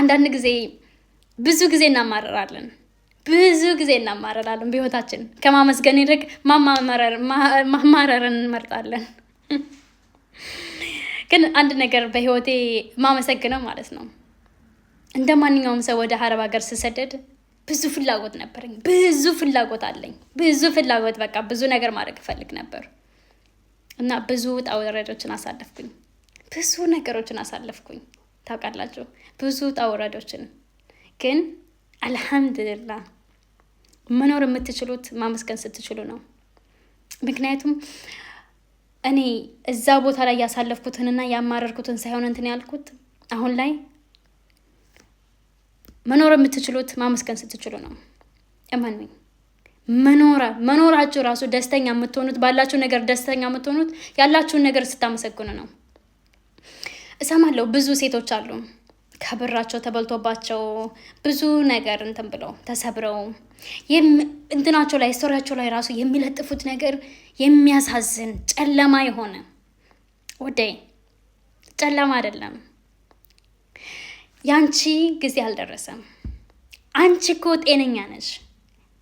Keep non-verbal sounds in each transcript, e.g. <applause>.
አንዳንድ ጊዜ ብዙ ጊዜ እናማረራለን ብዙ ጊዜ እናማረራለን በህይወታችን ከማመስገን ይልቅ ማማረርን እንመርጣለን። <laughs> ግን አንድ ነገር በህይወቴ ማመሰግነው ማለት ነው እንደ ማንኛውም ሰው ወደ አረብ ሀገር ስሰደድ ብዙ ፍላጎት ነበረኝ። ብዙ ፍላጎት አለኝ። ብዙ ፍላጎት በቃ ብዙ ነገር ማድረግ እፈልግ ነበር እና ብዙ ውጣ አሳለፍኩኝ። ብዙ ነገሮችን አሳለፍኩኝ። ታውቃላችሁ ብዙ ውጣ ውረዶችን ግን አልሐምድልላ መኖር የምትችሉት ማመስገን ስትችሉ ነው። ምክንያቱም እኔ እዛ ቦታ ላይ ያሳለፍኩትንና ያማረርኩትን ሳይሆን እንትን ያልኩት አሁን ላይ መኖር የምትችሉት ማመስገን ስትችሉ ነው። እመኑኝ፣ መኖራ መኖራችሁ ራሱ ደስተኛ የምትሆኑት ባላችሁ ነገር ደስተኛ የምትሆኑት ያላችሁን ነገር ስታመሰግኑ ነው። እሰማለሁ ብዙ ሴቶች አሉ ከብራቸው ተበልቶባቸው ብዙ ነገር እንትን ብለው ተሰብረው እንትናቸው ላይ ስቶሪያቸው ላይ ራሱ የሚለጥፉት ነገር የሚያሳዝን ጨለማ የሆነ ወደይ ጨለማ አይደለም። ያንቺ ጊዜ አልደረሰም። አንቺ እኮ ጤነኛ ነች።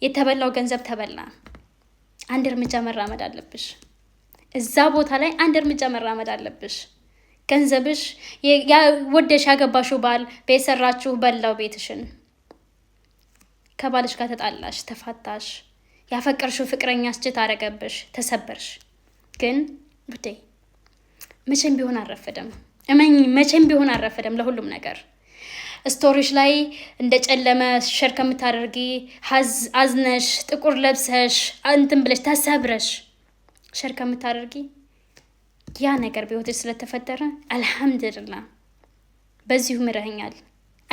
የተበላው ገንዘብ ተበላ። አንድ እርምጃ መራመድ አለብሽ። እዛ ቦታ ላይ አንድ እርምጃ መራመድ አለብሽ። ገንዘብሽ ወደሽ ያገባሽው ባል በየሰራችሁ በላው ቤትሽን። ከባልሽ ጋር ተጣላሽ፣ ተፋታሽ፣ ያፈቀርሽው ፍቅረኛ ስጭት አረገብሽ፣ ተሰበርሽ። ግን ውዴ መቼም ቢሆን አልረፈደም፣ እመኝ መቼም ቢሆን አልረፈደም ለሁሉም ነገር ስቶሪሽ ላይ እንደ ጨለመ ሸር ከምታደርጊ አዝነሽ ጥቁር ለብሰሽ እንትን ብለሽ ተሰብረሽ ሸር ከምታደርጊ ያ ነገር በህይወትሽ ስለተፈጠረ አልሐምድልላ በዚሁ ምረኸኛል።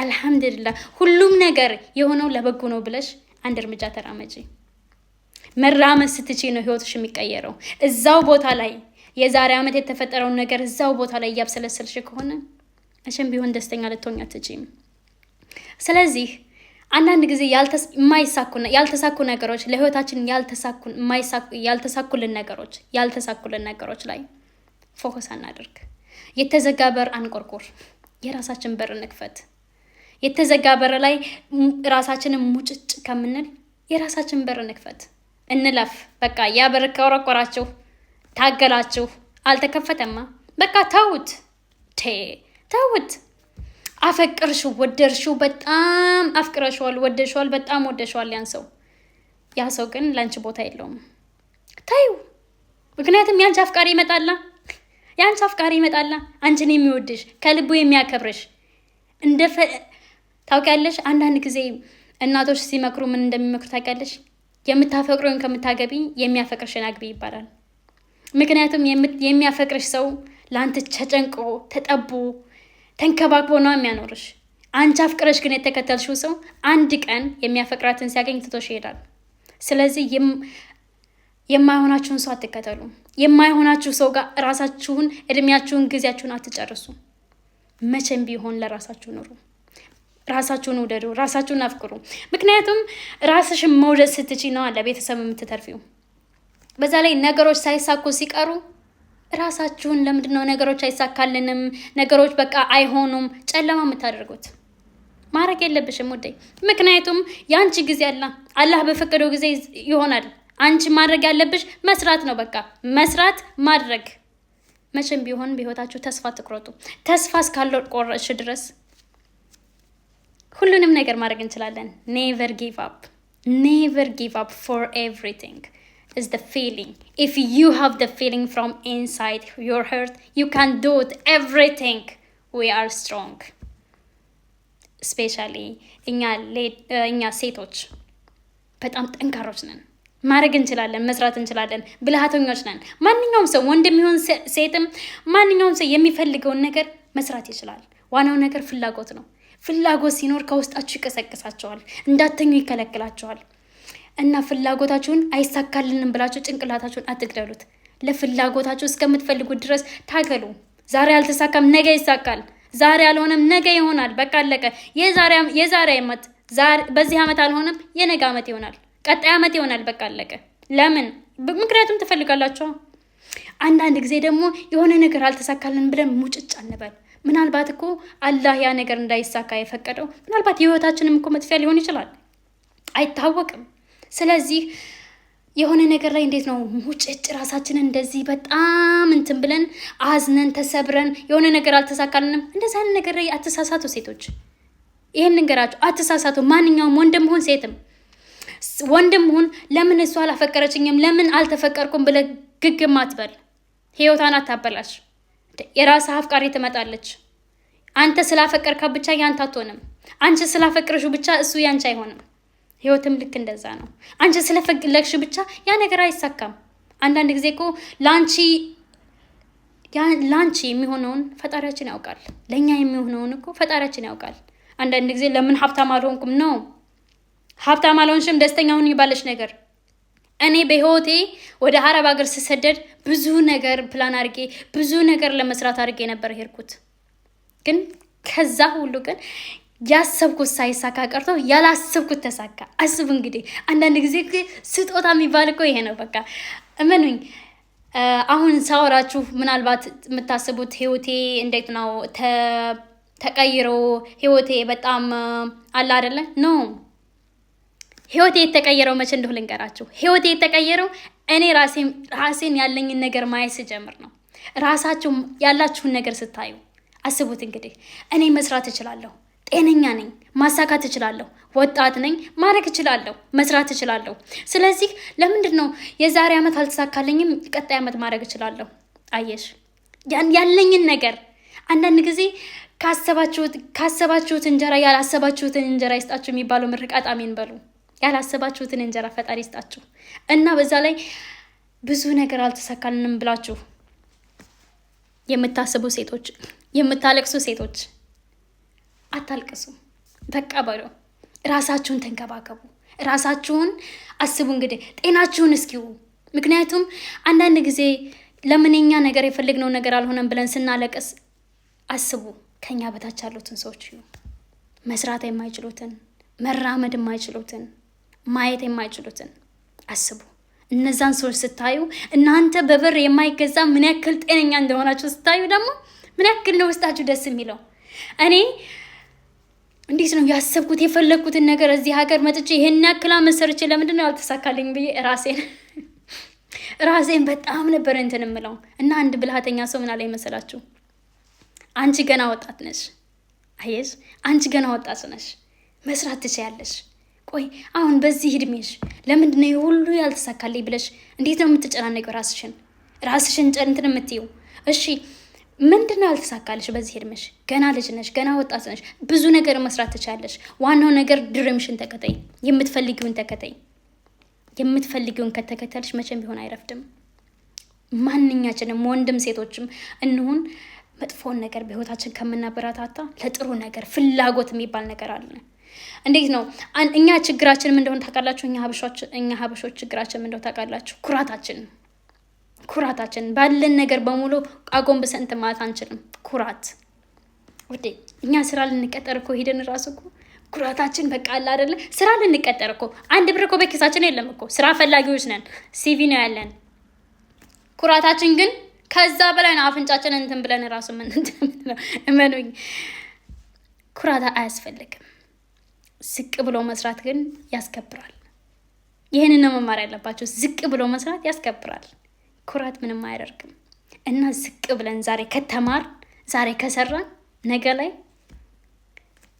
አልሐምድልላ ሁሉም ነገር የሆነው ለበጎ ነው ብለሽ አንድ እርምጃ ተራመጪ። መራመድ ስትቺ ነው ህይወትሽ የሚቀየረው። እዛው ቦታ ላይ የዛሬ ዓመት የተፈጠረውን ነገር እዛው ቦታ ላይ እያብሰለሰልሽ ከሆነ እሽም ቢሆን ደስተኛ ልትሆኝ አትችይም። ስለዚህ አንዳንድ ጊዜ ያልተሳኩ ነገሮች ለህይወታችን ያልተሳኩልን ነገሮች ያልተሳኩልን ነገሮች ላይ ፎከስ አናደርግ። የተዘጋ በር አንቆርቆር፣ የራሳችን በር እንክፈት። የተዘጋ በር ላይ ራሳችንን ሙጭጭ ከምንል የራሳችን በር እንክፈት፣ እንለፍ። በቃ ያ በር ከቆረቆራችሁ ታገላችሁ አልተከፈተማ፣ በቃ ተውት፣ ተውት። አፈቅርሽው፣ ወደርሹ በጣም አፍቅረሽዋል፣ ወደሽዋል በጣም ወደሽዋል ያን ሰው። ያ ሰው ግን ለአንቺ ቦታ የለውም፣ ታዩ ምክንያቱም ያንቺ አፍቃሪ ይመጣላ የአንቺ አፍቃሪ ይመጣላ አንቺን የሚወድሽ ከልቡ የሚያከብርሽ እንደ ታውቂያለሽ። አንዳንድ ጊዜ እናቶች ሲመክሩ ምን እንደሚመክሩ ታውቂያለሽ? የምታፈቅሪውን ከምታገቢ የሚያፈቅርሽን አግቢ ይባላል። ምክንያቱም የሚያፈቅርሽ ሰው ለአንተ ተጨንቆ ተጠቦ ተንከባክቦ ነው የሚያኖርሽ። አንቺ አፍቅረሽ ግን የተከተልሽው ሰው አንድ ቀን የሚያፈቅራትን ሲያገኝ ትቶሽ ይሄዳል። ስለዚህ የማይሆናችሁን ሰው አትከተሉ። የማይሆናችሁ ሰው ጋር ራሳችሁን፣ እድሜያችሁን፣ ጊዜያችሁን አትጨርሱ። መቼም ቢሆን ለራሳችሁ ኑሩ። ራሳችሁን ውደዱ። ራሳችሁን አፍቅሩ። ምክንያቱም ራስሽን መውደድ ስትቺ ነዋ ለቤተሰብ የምትተርፊው። በዛ ላይ ነገሮች ሳይሳኩ ሲቀሩ ራሳችሁን ለምንድን ነው ነገሮች አይሳካልንም፣ ነገሮች በቃ አይሆኑም ጨለማ የምታደርጉት? ማድረግ የለብሽም ውደይ። ምክንያቱም የአንቺ ጊዜ አላ አላህ በፈቀደው ጊዜ ይሆናል። አንቺ ማድረግ ያለብሽ መስራት ነው። በቃ መስራት ማድረግ። መቼም ቢሆን በህይወታችሁ ተስፋ ትቁረጡ። ተስፋ እስካለው ቆረጥሽ ድረስ ሁሉንም ነገር ማድረግ እንችላለን። ኔቨር ጊቭ አፕ፣ ኔቨር ጊቭ አፕ ፎር ኤቭሪቲንግ is the feeling. If you have the feeling from inside your heart, you can do it everything. We are strong. Especially እኛ ሴቶች በጣም ጠንካሮች ነን። ማድረግ እንችላለን፣ መስራት እንችላለን። ብልሃተኞች ነን። ማንኛውም ሰው ወንድም ይሁን ሴትም፣ ማንኛውም ሰው የሚፈልገውን ነገር መስራት ይችላል። ዋናው ነገር ፍላጎት ነው። ፍላጎት ሲኖር ከውስጣችሁ ይቀሰቅሳቸዋል፣ እንዳተኙ ይከለክላቸዋል። እና ፍላጎታችሁን አይሳካልንም ብላችሁ ጭንቅላታችሁን አትግደሉት። ለፍላጎታችሁ እስከምትፈልጉት ድረስ ታገሉ። ዛሬ አልተሳካም፣ ነገ ይሳካል። ዛሬ አልሆነም፣ ነገ ይሆናል። በቃ አለቀ። የዛሬ ዓመት በዚህ ዓመት አልሆነም፣ የነገ ዓመት ይሆናል። ቀጣይ ዓመት ይሆናል። በቃ አለቀ። ለምን? ምክንያቱም ትፈልጋላችሁ። አንዳንድ ጊዜ ደግሞ የሆነ ነገር አልተሳካልን ብለን ሙጭጭ አንበል። ምናልባት እኮ አላህ ያ ነገር እንዳይሳካ የፈቀደው ምናልባት የህይወታችንም እኮ መጥፊያ ሊሆን ይችላል፣ አይታወቅም። ስለዚህ የሆነ ነገር ላይ እንዴት ነው ሙጭጭ ራሳችንን እንደዚህ በጣም እንትን ብለን አዝነን ተሰብረን የሆነ ነገር አልተሳካልንም፣ እንደዚህ አይነት ነገር ላይ አትሳሳቱ ሴቶች። ይህን ንገራቸው፣ አትሳሳቱ። ማንኛውም ወንድም ሆን ሴትም ወንድም ሁን ለምን እሱ አላፈቀረችኝም ለምን አልተፈቀርኩም ብለ ግግም አትበል። ህይወቷን አታበላሽ። የራስ አፍቃሪ ትመጣለች። አንተ ስላፈቀርካ ብቻ ያንተ አትሆንም። አንቺ ስላፈቅርሹ ብቻ እሱ ያንቺ አይሆንም። ህይወትም ልክ እንደዛ ነው። አንቺ ስለፈለግሽ ብቻ ያ ነገር አይሳካም። አንዳንድ ጊዜ እኮ ለአንቺ የሚሆነውን ፈጣሪያችን ያውቃል። ለእኛ የሚሆነውን እኮ ፈጣሪያችን ያውቃል። አንዳንድ ጊዜ ለምን ሀብታም አልሆንኩም ነው ሀብታም አልሆንሽም፣ ደስተኛ ሁኝ ባለች ነገር እኔ በህይወቴ ወደ አረብ ሀገር ስሰደድ ብዙ ነገር ፕላን አድርጌ ብዙ ነገር ለመስራት አድርጌ ነበር ሄድኩት። ግን ከዛ ሁሉ ግን ያሰብኩት ሳይሳካ ቀርቶ ያላሰብኩት ተሳካ። አስብ እንግዲህ አንዳንድ ጊዜ ስጦታ የሚባል እኮ ይሄ ነው። በቃ እመኑኝ። አሁን ሳወራችሁ ምናልባት የምታስቡት ህይወቴ እንዴት ነው ተቀይሮ ህይወቴ በጣም አለ አይደለ ኖ ህይወቴ የተቀየረው መቼ እንደሁ ልንገራችሁ። ህይወቴ የተቀየረው እኔ ራሴን ያለኝን ነገር ማየት ስጀምር ነው። ራሳችሁ ያላችሁን ነገር ስታዩ አስቡት እንግዲህ እኔ መስራት እችላለሁ፣ ጤነኛ ነኝ፣ ማሳካት እችላለሁ፣ ወጣት ነኝ፣ ማድረግ እችላለሁ፣ መስራት እችላለሁ። ስለዚህ ለምንድን ነው የዛሬ ዓመት አልተሳካልኝም፣ ቀጣይ ዓመት ማድረግ እችላለሁ? አየሽ ያለኝን ነገር አንዳንድ ጊዜ ካሰባችሁት ካሰባችሁት እንጀራ ያላሰባችሁትን እንጀራ ይስጣችሁ የሚባለው ምርቃት አሜን በሉ። ያላሰባችሁትን እንጀራ ፈጣሪ ይስጣችሁ እና በዛ ላይ ብዙ ነገር አልተሳካልንም ብላችሁ የምታስቡ ሴቶች፣ የምታለቅሱ ሴቶች አታልቅሱ። በቃ በሉ። ራሳችሁን ተንከባከቡ። ራሳችሁን አስቡ። እንግዲህ ጤናችሁን እስኪው። ምክንያቱም አንዳንድ ጊዜ ለምንኛ ነገር የፈለግነው ነገር አልሆነም ብለን ስናለቅስ አስቡ፣ ከኛ በታች ያሉትን ሰዎች መስራት የማይችሉትን መራመድ የማይችሉትን ማየት የማይችሉትን አስቡ። እነዛን ሰዎች ስታዩ እናንተ በብር የማይገዛ ምን ያክል ጤነኛ እንደሆናችሁ ስታዩ ደግሞ ምን ያክል ነው ውስጣችሁ ደስ የሚለው እኔ እንዴት ነው ያሰብኩት የፈለግኩትን ነገር እዚህ ሀገር መጥቼ ይሄን ያክል መሰርቼ ለምንድን ነው ያልተሳካልኝ ብዬ ራሴን <laughs> ራሴን በጣም ነበር እንትን ምለው እና አንድ ብልሃተኛ ሰው ምን አለኝ መሰላችሁ? አንቺ ገና ወጣት ነሽ። አየሽ፣ አንቺ ገና ወጣት ነሽ፣ መስራት ትችያለሽ። ቆይ አሁን በዚህ እድሜሽ ለምንድን ነው ሁሉ ያልተሳካልኝ ብለሽ እንዴት ነው የምትጨናነቂው? ራስሽን ራስሽን ጨንትን የምትይው? እሺ ምንድን ነው ያልተሳካልሽ በዚህ እድሜሽ? ገና ልጅ ነሽ፣ ገና ወጣት ነሽ። ብዙ ነገር መስራት ትቻለሽ። ዋናው ነገር ድርምሽን ተከተይ፣ የምትፈልጊውን ተከተይ። የምትፈልጊውን ከተከተልሽ መቼም ቢሆን አይረፍድም። ማንኛችንም ወንድም ሴቶችም እንሁን መጥፎን ነገር በህይወታችን ከምናበረታታ ለጥሩ ነገር ፍላጎት የሚባል ነገር አለ። እንዴት ነው እኛ ችግራችንም እንደሆነ ታውቃላችሁ። እኛ ሀበሾች ችግራችንም እንደሆነ ታውቃላችሁ። ኩራታችን ኩራታችን ባለን ነገር በሙሉ አጎንብሰን እንትን ማለት አንችልም። ኩራት ወዴ እኛ ስራ ልንቀጠር እኮ ሄደን እራሱ እኮ ኩራታችን በቃ አለ አይደለ? ስራ ልንቀጠር እኮ አንድ ብር እኮ በኪሳችን የለም እኮ ስራ ፈላጊዎች ነን። ሲቪ ነው ያለን። ኩራታችን ግን ከዛ በላይ ነው። አፍንጫችን እንትን ብለን ራሱ ምን ኩራታ አያስፈልግም። ዝቅ ብሎ መስራት ግን ያስከብራል። ይህንን ነው መማር ያለባቸው። ዝቅ ብሎ መስራት ያስከብራል። ኩራት ምንም አያደርግም እና ዝቅ ብለን ዛሬ ከተማር ዛሬ ከሰራን ነገ ላይ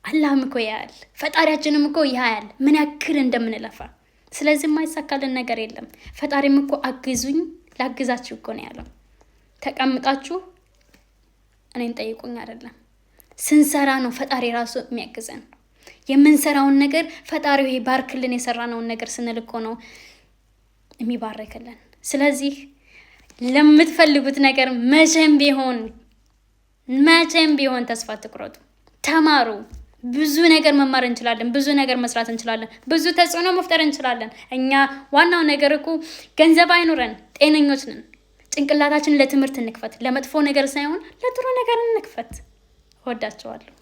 አላህም እኮ ያያል፣ ፈጣሪያችንም እኮ ያያል ምን ያክል እንደምንለፋ። ስለዚህ የማይሳካልን ነገር የለም። ፈጣሪም እኮ አግዙኝ ላግዛችሁ እኮ ነው ያለው። ተቀምጣችሁ እኔን ጠይቁኝ አይደለም፣ ስንሰራ ነው ፈጣሪ ራሱ የሚያግዘን። የምንሰራውን ነገር ፈጣሪ ሆይ ባርክልን። የሰራነውን ነገር ስንልኮ ነው የሚባረክልን። ስለዚህ ለምትፈልጉት ነገር መቼም ቢሆን መቼም ቢሆን ተስፋ ትቁረጡ። ተማሩ። ብዙ ነገር መማር እንችላለን። ብዙ ነገር መስራት እንችላለን። ብዙ ተጽዕኖ መፍጠር እንችላለን። እኛ ዋናው ነገር እኮ ገንዘብ አይኑረን፣ ጤነኞች ነን። ጭንቅላታችን ለትምህርት እንክፈት። ለመጥፎ ነገር ሳይሆን ለጥሩ ነገር እንክፈት። እወዳቸዋለሁ።